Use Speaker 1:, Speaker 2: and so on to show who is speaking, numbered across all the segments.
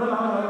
Speaker 1: Remember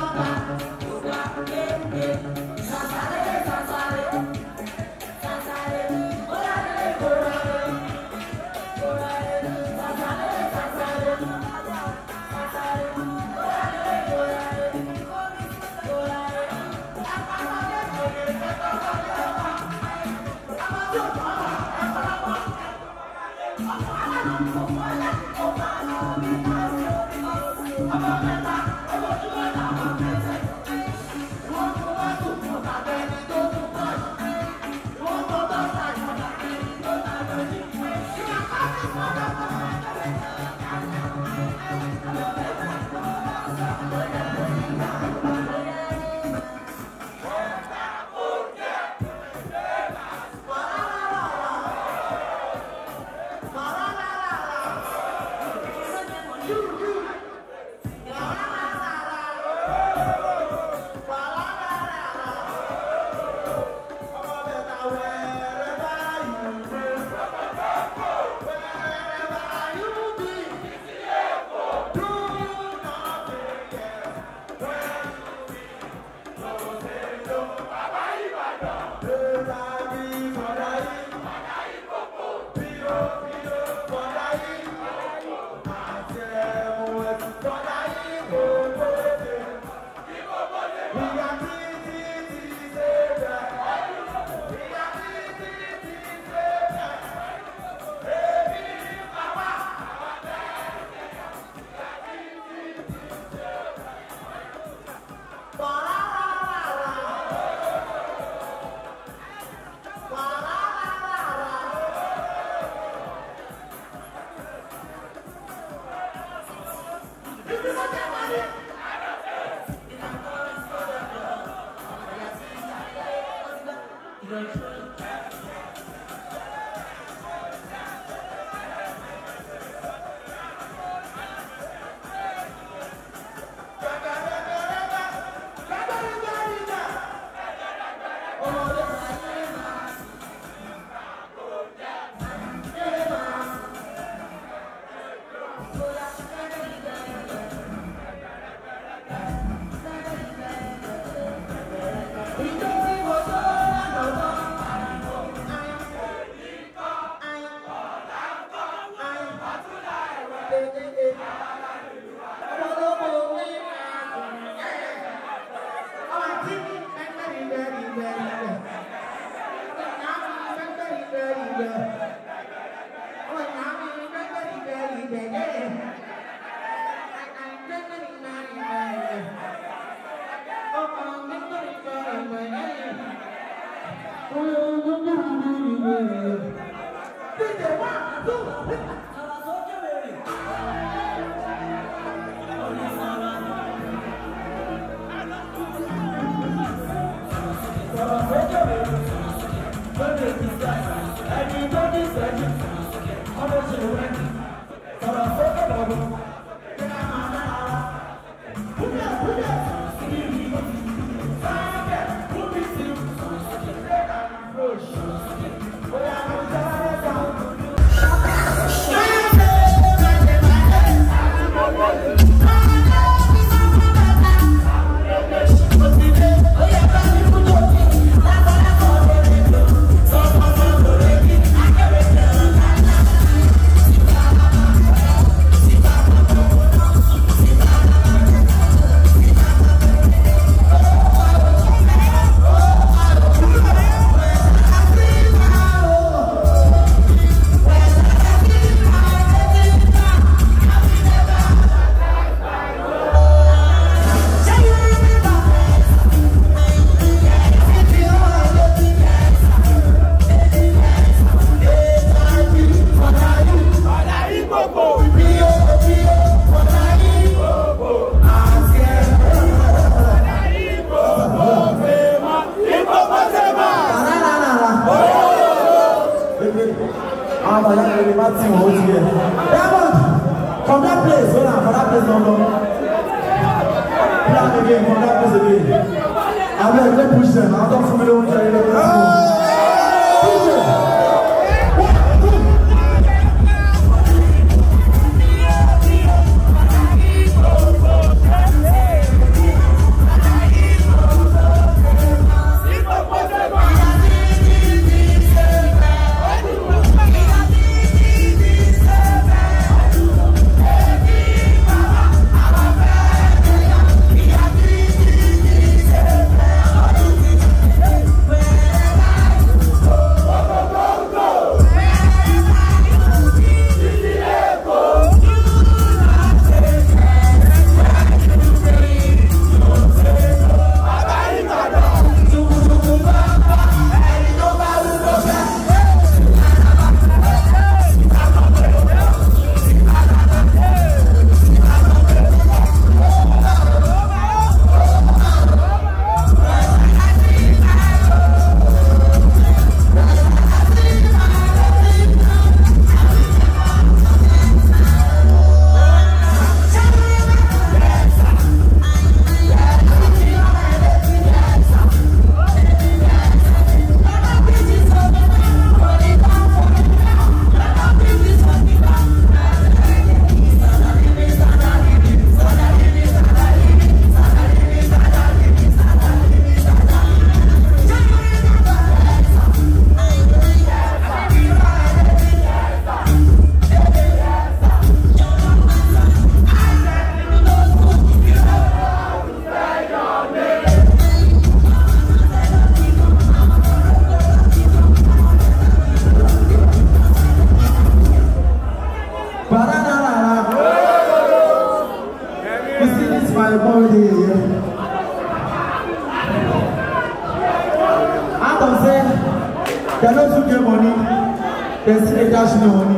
Speaker 1: dá sí wọn ni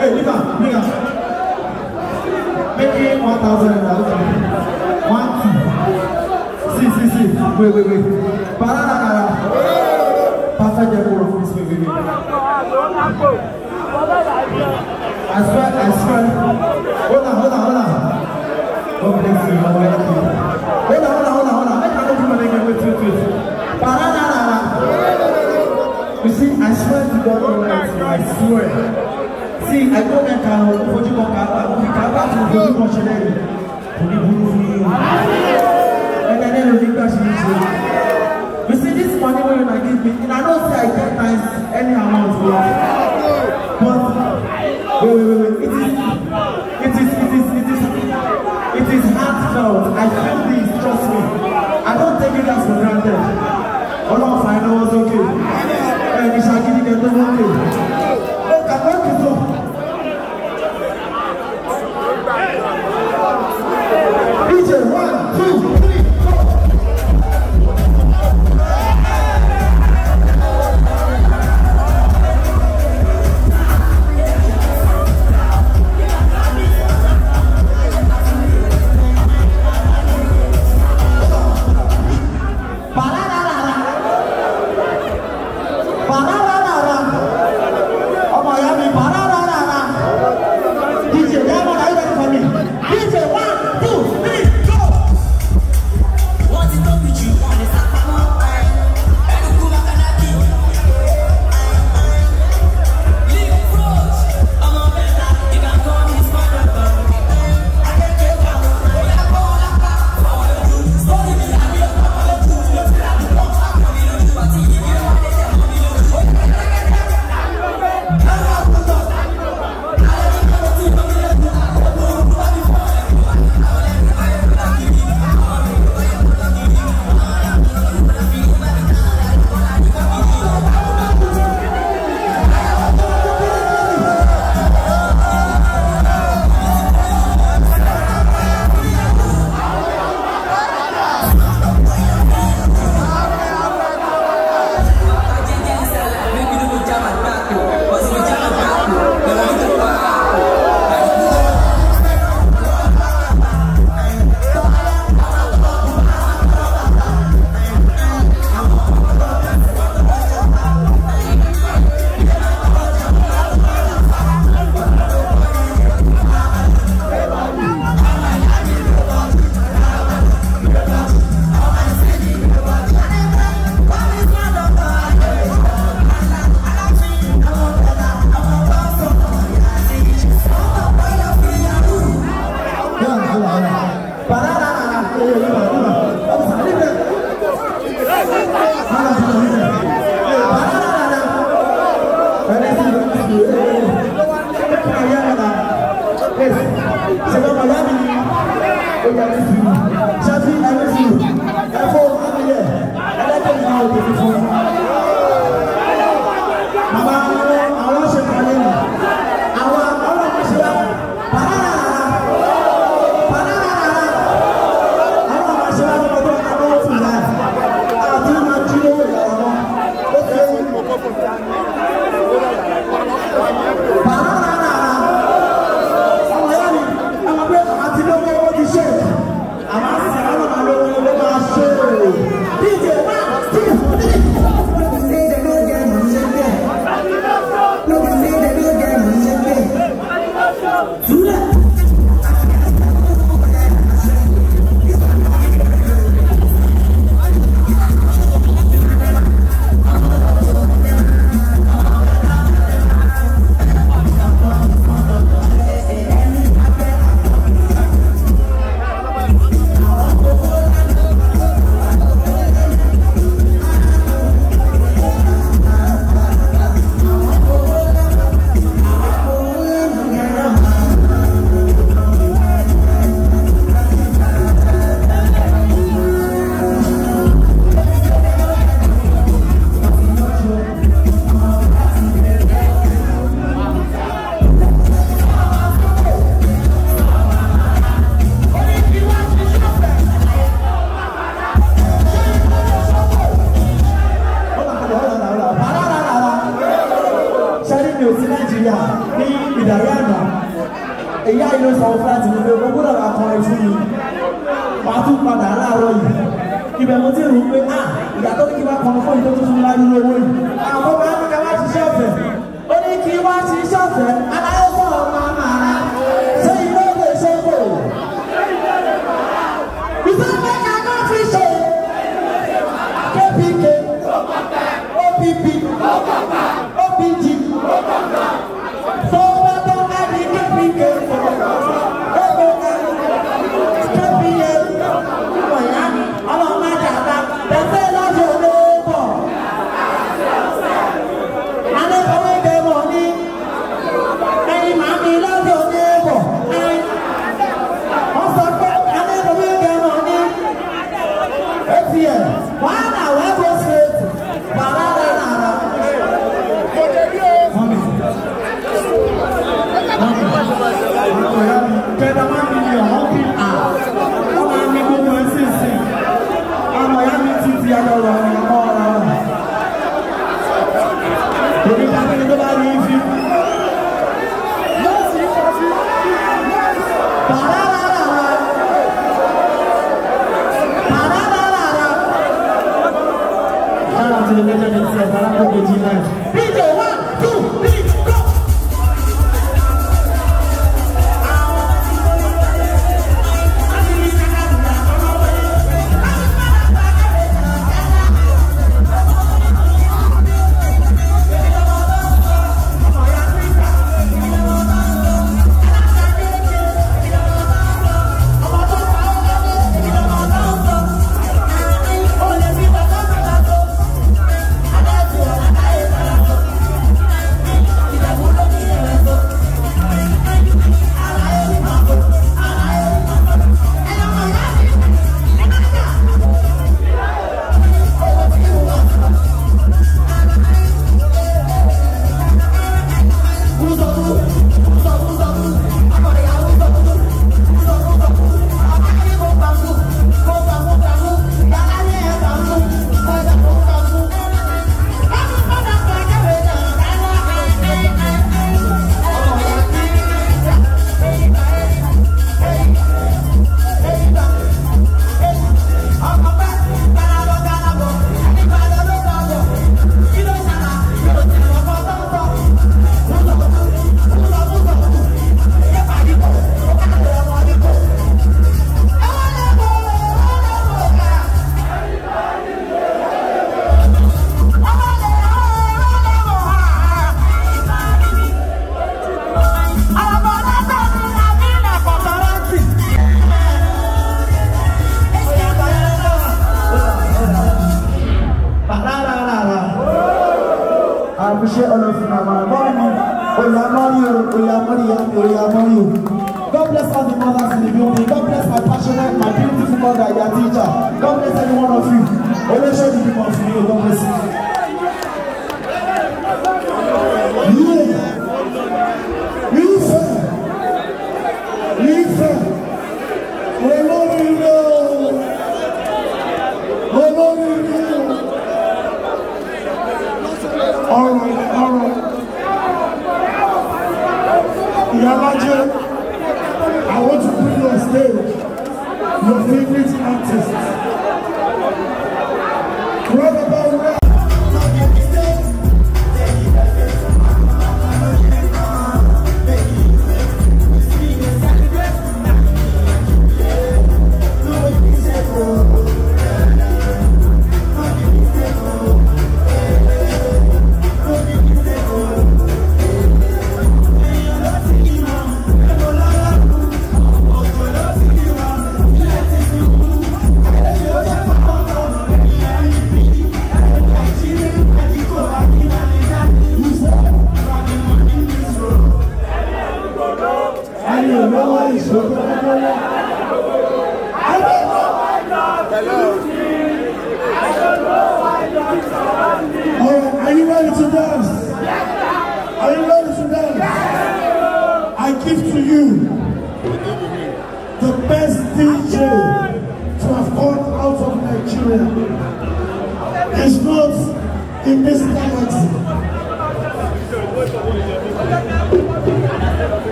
Speaker 1: hey nígbà nígbà making one thousand naira one two See, see, see. wait wait wait Parana, naira perfect level of this wait wait wait I swear I swear hold on hold on hold on God bless you God bless you. I swear. See, I go there kan o, fojú go kan bá, òfin kan bá tún fojú kan ṣe lẹ́yìn. and ní burú fún yín o. Ẹgbẹ́ nínú You see this money wey una give me, I don't say I get nice any amount for But wait wait wait wait, it is it is it is it is it is heartfelt. I feel this, trust me. I don't take you guys for granted. Ọlọ́run fàáyín lọ́wọ́ sókè. Ẹ̀mí ṣàkíní kẹ́tọ́ mọ́kè.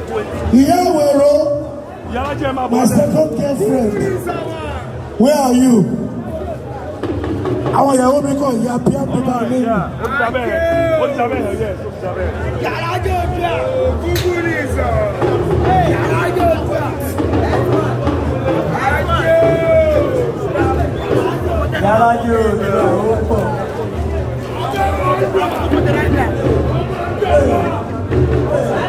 Speaker 1: Yawero, my second girlfriend, where are you? Àwọn ìyàwó mi kọ̀ ìyá Pia Pia lẹ́yìn. Yàrá jẹ́ Pia, kúkú ní ìsọ̀. Yàrá jẹ́ Pia. Yàrá jẹ́ Pia, ó pọ̀. Yàrá jẹ́ ó pọ̀.